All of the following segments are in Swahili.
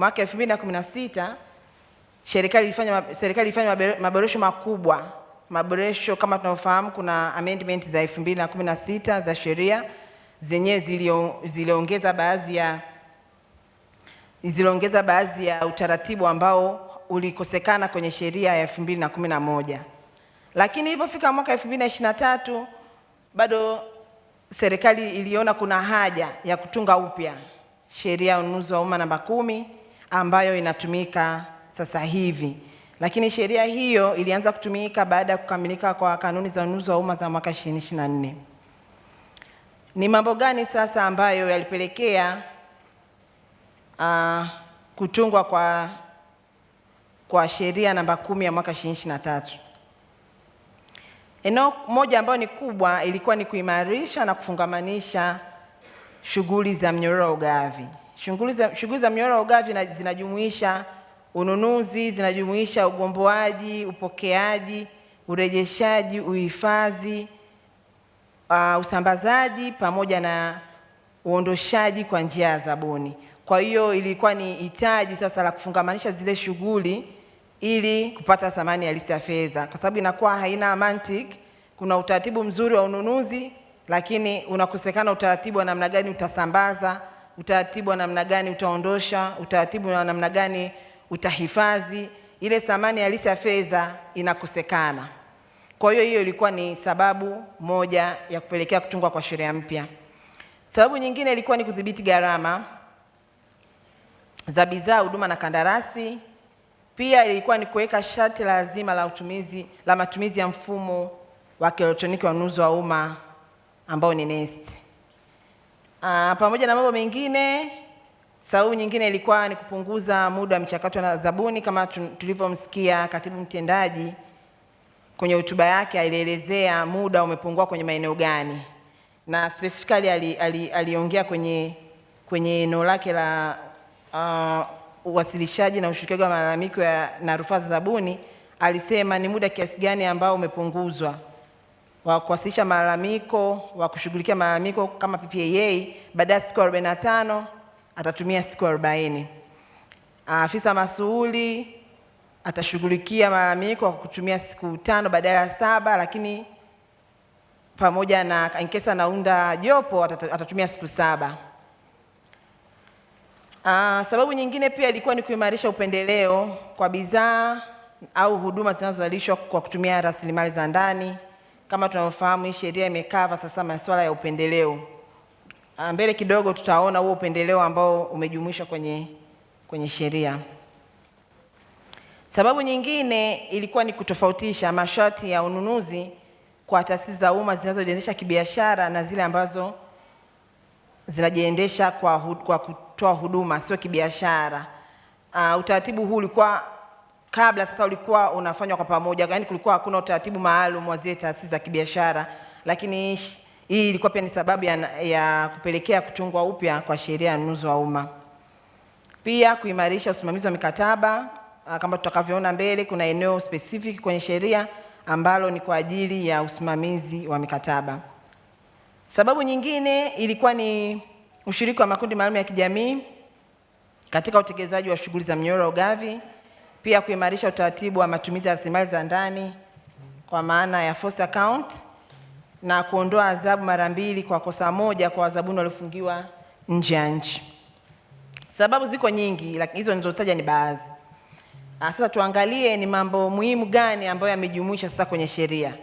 mwaka 2016 serikali ilifanya serikali ilifanya maboresho makubwa, maboresho kama tunavyofahamu, kuna amendment za 2016 za sheria zenyewe ziliongeza baadhi ya ziliongeza baadhi ya utaratibu ambao ulikosekana kwenye sheria ya 2011 lakini ilipofika mwaka 2023 bado serikali iliona kuna haja ya kutunga upya sheria ya ununuzi wa umma namba kumi ambayo inatumika sasa hivi, lakini sheria hiyo ilianza kutumika baada ya kukamilika kwa kanuni za ununuzi wa umma za mwaka 2024. Ni mambo gani sasa ambayo yalipelekea uh, kutungwa kwa, kwa sheria namba kumi ya mwaka 2023? Eneo moja ambayo ni kubwa ilikuwa ni kuimarisha na kufungamanisha shughuli za mnyororo wa ugavi. Shughuli za shughuli mnyororo wa ugavi zinajumuisha ununuzi, zinajumuisha ugomboaji, upokeaji, urejeshaji, uhifadhi, uh, usambazaji pamoja na uondoshaji kwa njia ya zabuni. Kwa hiyo ilikuwa ni hitaji sasa la kufungamanisha zile shughuli ili kupata thamani halisi ya fedha, kwa sababu inakuwa haina mantiki. Kuna utaratibu mzuri wa ununuzi, lakini unakosekana utaratibu wa namna gani utasambaza utaratibu wa namna gani utaondosha, utaratibu wa namna gani utahifadhi, ile thamani halisi ya fedha inakosekana. Kwa hiyo hiyo ilikuwa ni sababu moja ya kupelekea kutungwa kwa sheria mpya. Sababu nyingine ilikuwa ni kudhibiti gharama za bidhaa, huduma na kandarasi. Pia ilikuwa ni kuweka sharti lazima la utumizi, la matumizi ya mfumo wa kielektroniki wa ununuzi wa umma ambao ni NeST. Aa, ah, pamoja na mambo mengine, sababu nyingine ilikuwa ni kupunguza muda wa mchakato na zabuni. Kama tulivyomsikia katibu mtendaji kwenye hotuba yake, alielezea muda umepungua kwenye maeneo gani, na specifically aliongea ali, ali kwenye kwenye eneo lake la uh, uwasilishaji na ushirikiaji wa malalamiko na rufaa za zabuni, alisema ni muda kiasi gani ambao umepunguzwa wa kuwasilisha malalamiko wa kushughulikia malalamiko kama PPAA, baada ya siku 45 atatumia siku 40. Afisa masuuli atashughulikia malalamiko kwa kutumia siku tano badala ya saba, lakini pamoja na inkesa naunda jopo atatumia siku saba. Aa, ah, sababu nyingine pia ilikuwa ni kuimarisha upendeleo kwa bidhaa au huduma zinazozalishwa kwa kutumia rasilimali za ndani kama tunavyofahamu hii sheria imekava sasa masuala ya upendeleo. Ah, mbele kidogo tutaona huo upendeleo ambao umejumuishwa kwenye, kwenye sheria. Sababu nyingine ilikuwa ni kutofautisha masharti ya ununuzi kwa taasisi za umma zinazojiendesha kibiashara na zile ambazo zinajiendesha kwa, kwa kutoa huduma sio kibiashara. Uh, utaratibu huu ulikuwa kabla sasa ulikuwa unafanywa kwa pamoja, yaani kulikuwa hakuna utaratibu maalum wa zile taasisi za kibiashara, lakini hii ilikuwa pia ni sababu ya, ya kupelekea kutungwa upya kwa sheria ya ununuzi wa umma. Pia kuimarisha usimamizi wa mikataba ah, kama tutakavyoona mbele, kuna eneo specific kwenye sheria ambalo ni kwa ajili ya usimamizi wa mikataba. Sababu nyingine ilikuwa ni ushiriki wa makundi maalum ya kijamii katika utekelezaji wa shughuli za mnyororo wa ugavi pia kuimarisha utaratibu wa matumizi ya rasilimali za ndani kwa maana ya force account na kuondoa adhabu mara mbili kwa kosa moja kwa wazabuni waliofungiwa nje ya nchi. Sababu ziko nyingi, lakini hizo nilizotaja ni baadhi. Ah, sasa tuangalie ni mambo muhimu gani ambayo yamejumuisha sasa kwenye sheria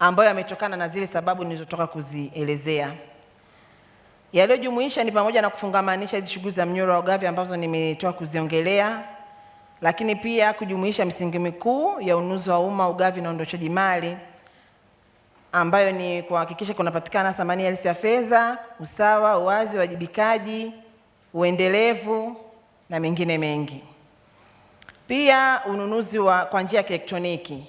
ambayo yametokana na zile sababu nilizotoka kuzielezea. Yaliyojumuisha ni pamoja na kufungamanisha hizi shughuli za mnyororo wa ugavi ambazo nimetoka kuziongelea lakini pia kujumuisha misingi mikuu ya ununuzi wa umma, ugavi na uondoshaji mali ambayo ni kuhakikisha kunapatikana thamani halisi ya fedha, usawa, uwazi, uwajibikaji, uendelevu na mengine mengi. Pia ununuzi wa kwa njia ya kielektroniki.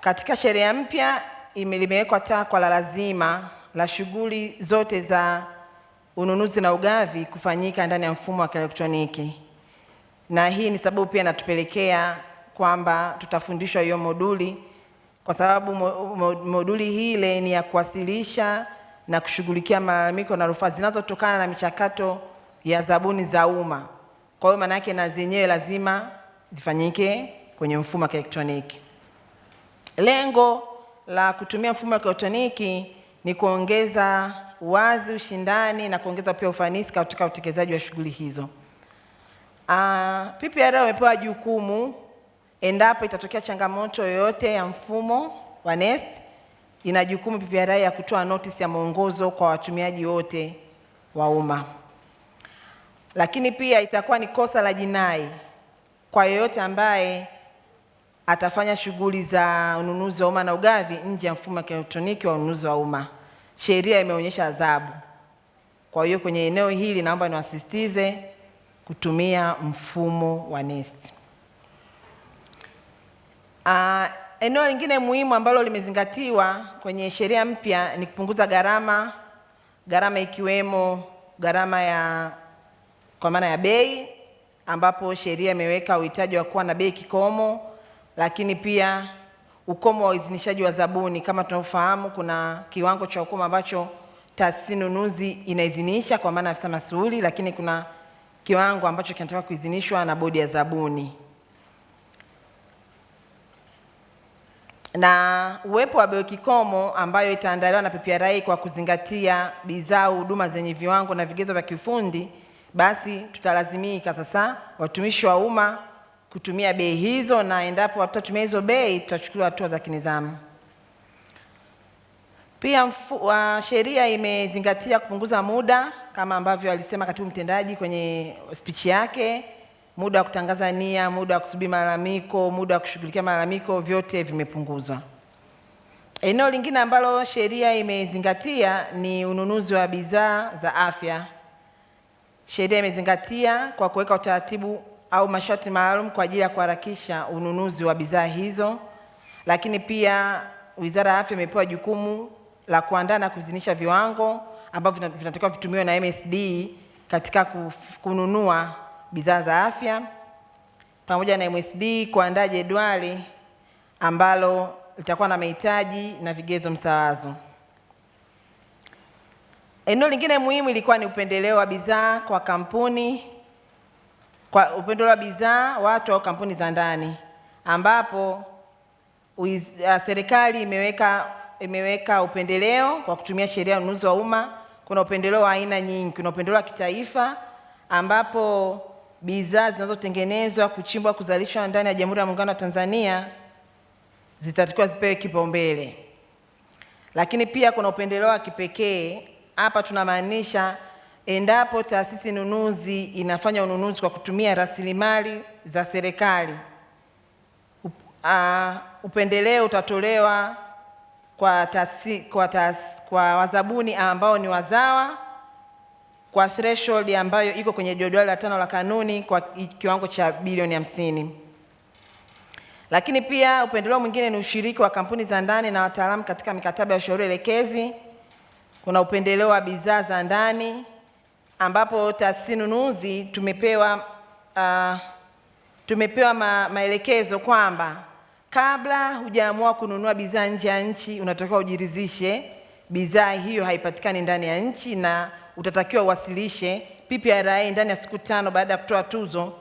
Katika sheria mpya limewekwa takwa la lazima la shughuli zote za ununuzi na ugavi kufanyika ndani ya mfumo wa kielektroniki na hii ni sababu pia natupelekea kwamba tutafundishwa hiyo moduli, kwa sababu moduli hii ile ni ya kuwasilisha na kushughulikia malalamiko na rufaa zinazotokana na michakato ya zabuni za umma. Kwa hiyo maana yake na zenyewe lazima zifanyike kwenye mfumo wa kielektroniki. Lengo la kutumia mfumo wa kielektroniki ni kuongeza wazi, ushindani na kuongeza pia ufanisi katika utekelezaji wa shughuli hizo. Uh, ah, PPRA wamepewa jukumu endapo itatokea changamoto yoyote ya mfumo wa NeST, ina jukumu PPRA ya kutoa notice ya mwongozo kwa watumiaji wote wa umma. Lakini pia itakuwa ni kosa la jinai kwa yeyote ambaye atafanya shughuli za ununuzi wa umma na ugavi nje ya mfumo wa kielektroniki wa ununuzi wa umma. Sheria imeonyesha adhabu. Kwa hiyo kwenye eneo hili naomba niwasisitize kutumia mfumo wa NeST. Uh, eneo lingine muhimu ambalo limezingatiwa kwenye sheria mpya ni kupunguza gharama, gharama ikiwemo gharama ya kwa maana ya bei, ambapo sheria imeweka uhitaji wa kuwa na bei kikomo, lakini pia ukomo wa uidhinishaji wa zabuni. Kama tunavyofahamu, kuna kiwango cha ukomo ambacho taasisi nunuzi inaidhinisha kwa maana afisa masuuli, lakini kuna kiwango ambacho kinataka kuidhinishwa na bodi ya zabuni. Na uwepo wa bei kikomo ambayo itaandaliwa na PPRA kwa kuzingatia bidhaa huduma zenye viwango na vigezo vya kiufundi, basi tutalazimika sasa watumishi wa umma kutumia bei hizo, na endapo hatutatumia hizo bei tutachukua hatua za kinizamu. Pia uh, sheria imezingatia kupunguza muda kama ambavyo alisema katibu mtendaji kwenye spichi yake, muda wa kutangaza nia, muda wa kusubiri malalamiko, muda wa kushughulikia malalamiko, vyote vimepunguzwa. Eneo lingine ambalo sheria imezingatia ni ununuzi wa bidhaa za afya. Sheria imezingatia kwa kuweka utaratibu au masharti maalum kwa ajili ya kuharakisha ununuzi wa bidhaa hizo, lakini pia Wizara ya Afya imepewa jukumu la kuandaa na kuzinisha viwango ambavyo vinatakiwa vitumiwe na MSD katika kununua bidhaa za afya pamoja na MSD kuandaa jedwali ambalo litakuwa na mahitaji na vigezo msawazo. Eneo lingine muhimu ilikuwa ni upendeleo wa bidhaa kwa kampuni kwa upendeleo wa bidhaa watu au kampuni za ndani ambapo serikali imeweka imeweka upendeleo kwa kutumia sheria ya ununuzi wa umma. Kuna upendeleo wa aina nyingi. Kuna upendeleo wa kitaifa ambapo bidhaa zinazotengenezwa, kuchimbwa, kuzalishwa ndani ya Jamhuri ya Muungano wa Tanzania zitatakiwa zipewe kipaumbele. Lakini pia kuna upendeleo wa kipekee hapa, tunamaanisha endapo taasisi nunuzi inafanya ununuzi kwa kutumia rasilimali za serikali, ah, upendeleo utatolewa kwa, tasi, kwa, tas, kwa wazabuni ambao ni wazawa kwa threshold ambayo iko kwenye jadwali la tano la kanuni kwa kiwango cha bilioni hamsini. Lakini pia upendeleo mwingine ni ushiriki wa kampuni za ndani na wataalamu katika mikataba ya ushauri elekezi. Kuna upendeleo wa bidhaa za ndani ambapo taasisi nunuzi tumepewa, uh, tumepewa ma, maelekezo kwamba Kabla hujaamua kununua bidhaa nje ya nchi, unatakiwa ujiridhishe bidhaa hiyo haipatikani ndani ya nchi, na utatakiwa uwasilishe PPRA ndani ya siku tano baada ya kutoa tuzo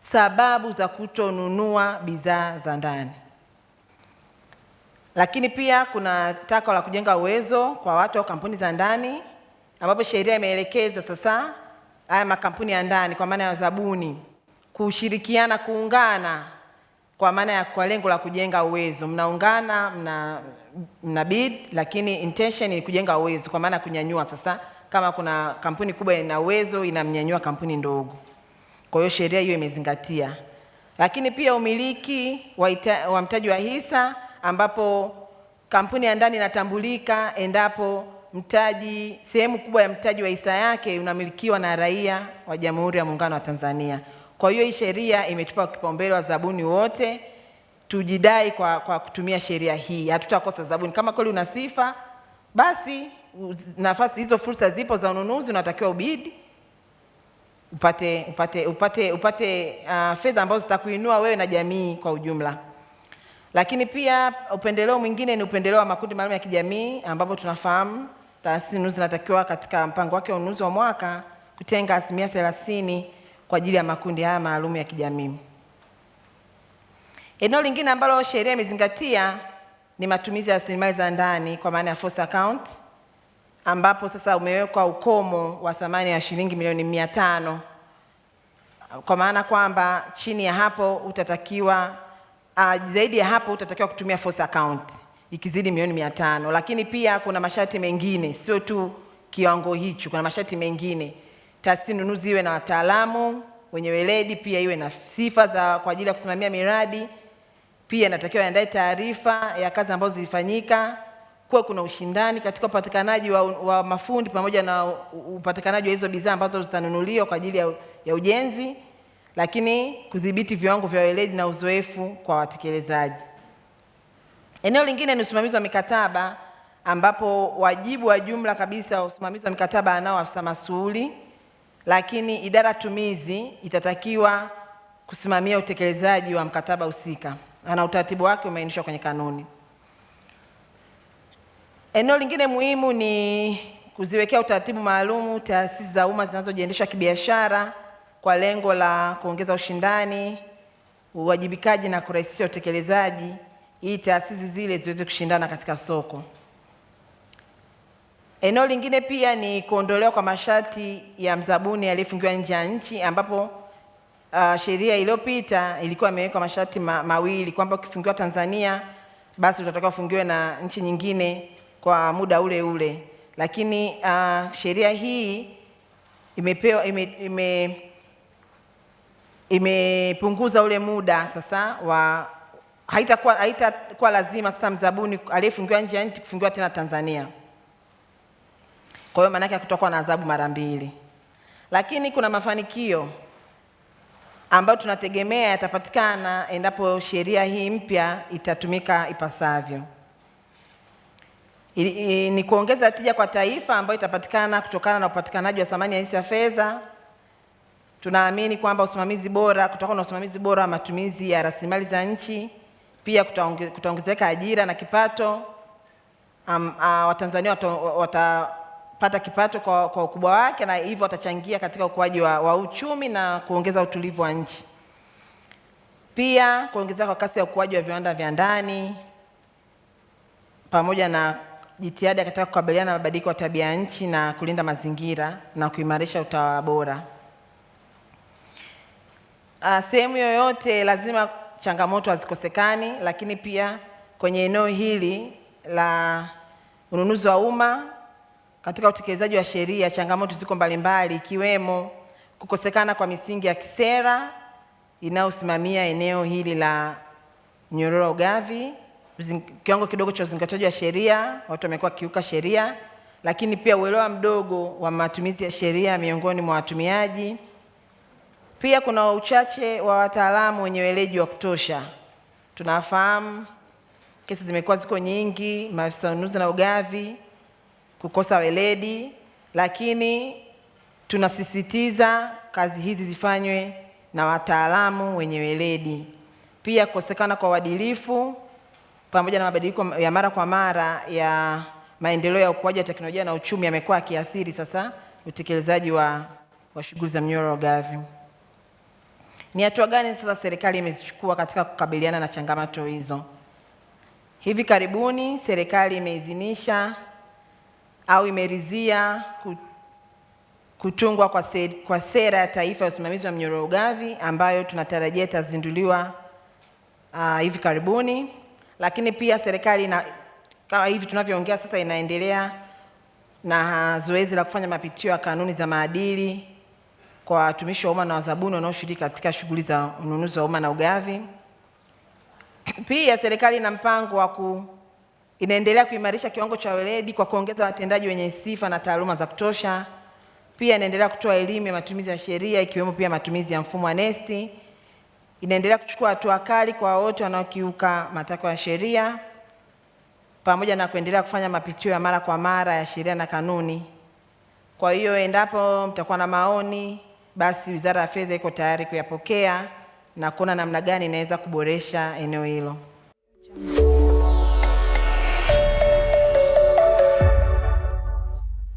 sababu za kutonunua bidhaa za ndani. Lakini pia kuna takwa la kujenga uwezo kwa watu au kampuni za ndani, ambapo sheria imeelekeza sasa haya makampuni ya ndani kwa maana ya zabuni kushirikiana, kuungana kwa maana ya kwa lengo la kujenga uwezo. Mnaungana, mna, mna bid, lakini intention ni kujenga uwezo, kwa maana kunyanyua. Sasa kama kuna kampuni kubwa ina uwezo inamnyanyua kampuni ndogo, kwa hiyo sheria hiyo imezingatia. Lakini pia umiliki wa mtaji wa hisa, ambapo kampuni ya ndani inatambulika endapo mtaji, sehemu kubwa ya mtaji wa hisa yake unamilikiwa na raia wa Jamhuri ya Muungano wa Tanzania. Kwa hiyo hii sheria imetupa kipaumbele wa zabuni wote, tujidai kwa, kwa kutumia sheria hii, hatutakosa zabuni. Kama kweli una sifa, basi nafasi hizo, fursa zipo za ununuzi, unatakiwa ubidi upate upate upate upate uh, fedha ambazo zitakuinua wewe na jamii kwa ujumla. Lakini pia upendeleo mwingine ni upendeleo wa makundi maalum ya kijamii, ambapo tunafahamu taasisi zinatakiwa katika mpango wake wa ununuzi wa mwaka kutenga asilimia thelathini kwa ajili ya makundi haya maalum ya kijamii. Eneo lingine ambalo sheria imezingatia ni matumizi ya rasilimali za ndani kwa maana ya force account, ambapo sasa umewekwa ukomo wa thamani ya shilingi milioni mia tano kwa maana kwamba chini ya hapo utatakiwa uh, zaidi ya hapo utatakiwa kutumia force account ikizidi milioni mia tano, lakini pia kuna masharti mengine, sio tu kiwango hicho, kuna masharti mengine taasisi nunuzi iwe na wataalamu wenye weledi, pia iwe na sifa za kwa ajili ya kusimamia miradi. Pia inatakiwa iandae taarifa ya kazi ambazo zilifanyika, kuwe kuna ushindani katika upatikanaji wa, wa mafundi pamoja na upatikanaji wa hizo bidhaa ambazo zitanunuliwa kwa ajili ya, ya ujenzi, lakini kudhibiti viwango vya weledi na uzoefu kwa watekelezaji. Eneo lingine ni usimamizi wa mikataba ambapo wajibu wa jumla kabisa wa usimamizi wa mikataba anao afisa masuhuli lakini idara tumizi itatakiwa kusimamia utekelezaji wa mkataba husika na utaratibu wake umeainishwa kwenye kanuni. Eneo lingine muhimu ni kuziwekea utaratibu maalumu taasisi za umma zinazojiendesha kibiashara kwa lengo la kuongeza ushindani, uwajibikaji na kurahisisha utekelezaji, ili taasisi zile ziweze kushindana katika soko. Eneo lingine pia ni kuondolewa kwa masharti ya mzabuni aliyefungiwa nje ya nchi ambapo uh, sheria iliyopita ilikuwa imewekwa masharti ma, mawili kwamba ukifungiwa Tanzania basi utatakiwa ufungiwe na nchi nyingine kwa muda ule ule, lakini uh, sheria hii imepewa ime, ime, imepunguza ule muda sasa wa haitakuwa haitakuwa lazima sasa mzabuni aliyefungiwa nje ya nchi kufungiwa tena Tanzania. Kwa hiyo yake hakutakuwa na adhabu mara mbili, lakini kuna mafanikio ambayo tunategemea yatapatikana endapo sheria hii mpya itatumika ipasavyo. Ni kuongeza tija kwa taifa ambayo itapatikana kutokana na upatikanaji wa thamani halisi ya fedha. Tunaamini kwamba usimamizi bora, kutakuwa na usimamizi bora wa matumizi ya rasilimali za nchi. Pia kutaongezeka ajira na kipato. Um, uh, Watanzania wata pata kipato kwa, kwa ukubwa wake na hivyo atachangia katika ukuaji wa, wa uchumi na kuongeza utulivu wa nchi. Pia kuongezeka kwa kasi ya ukuaji wa viwanda vya ndani pamoja na jitihada katika kukabiliana na mabadiliko ya tabia nchi na kulinda mazingira na kuimarisha utawala bora. Ah, sehemu yoyote lazima changamoto hazikosekani, lakini pia kwenye eneo hili la ununuzi wa umma katika utekelezaji wa sheria, changamoto ziko mbalimbali ikiwemo kukosekana kwa misingi ya kisera inayosimamia eneo hili la mnyororo wa ugavi, kiwango kidogo cha uzingatiaji wa sheria, watu wamekuwa wakiuka sheria, lakini pia uelewa mdogo wa matumizi ya sheria miongoni mwa watumiaji. Pia kuna uchache wa wataalamu wenye ueleji wa kutosha. Tunafahamu kesi zimekuwa ziko nyingi, maafisa ununuzi na ugavi kukosa weledi, lakini tunasisitiza kazi hizi zifanywe na wataalamu wenye weledi. Pia kukosekana kwa uadilifu pamoja na mabadiliko ya mara kwa mara ya maendeleo ya ukuaji wa teknolojia na uchumi yamekuwa akiathiri sasa utekelezaji wa, wa shughuli za mnyororo wa ugavi. Ni hatua gani sasa serikali imezichukua katika kukabiliana na changamoto hizo? Hivi karibuni serikali imeidhinisha au imeridhia kutungwa kwa sera ya taifa ya usimamizi wa mnyororo ugavi ambayo tunatarajia itazinduliwa uh, hivi karibuni. Lakini pia serikali na kama hivi tunavyoongea sasa inaendelea na zoezi la kufanya mapitio ya kanuni za maadili kwa watumishi wa umma na wazabuni wanaoshiriki katika shughuli za ununuzi wa umma na ugavi. Pia serikali ina mpango wa ku Inaendelea kuimarisha kiwango cha weledi kwa kuongeza watendaji wenye sifa na taaluma za kutosha. Pia inaendelea kutoa elimu ya matumizi ya sheria ikiwemo pia matumizi ya mfumo wa nesti. Inaendelea kuchukua hatua kali kwa wote wanaokiuka matakwa ya sheria pamoja na kuendelea kufanya mapitio ya mara kwa mara ya sheria na kanuni. Kwa hiyo endapo mtakuwa na maoni, basi Wizara ya Fedha iko tayari kuyapokea na kuona namna gani inaweza kuboresha eneo hilo.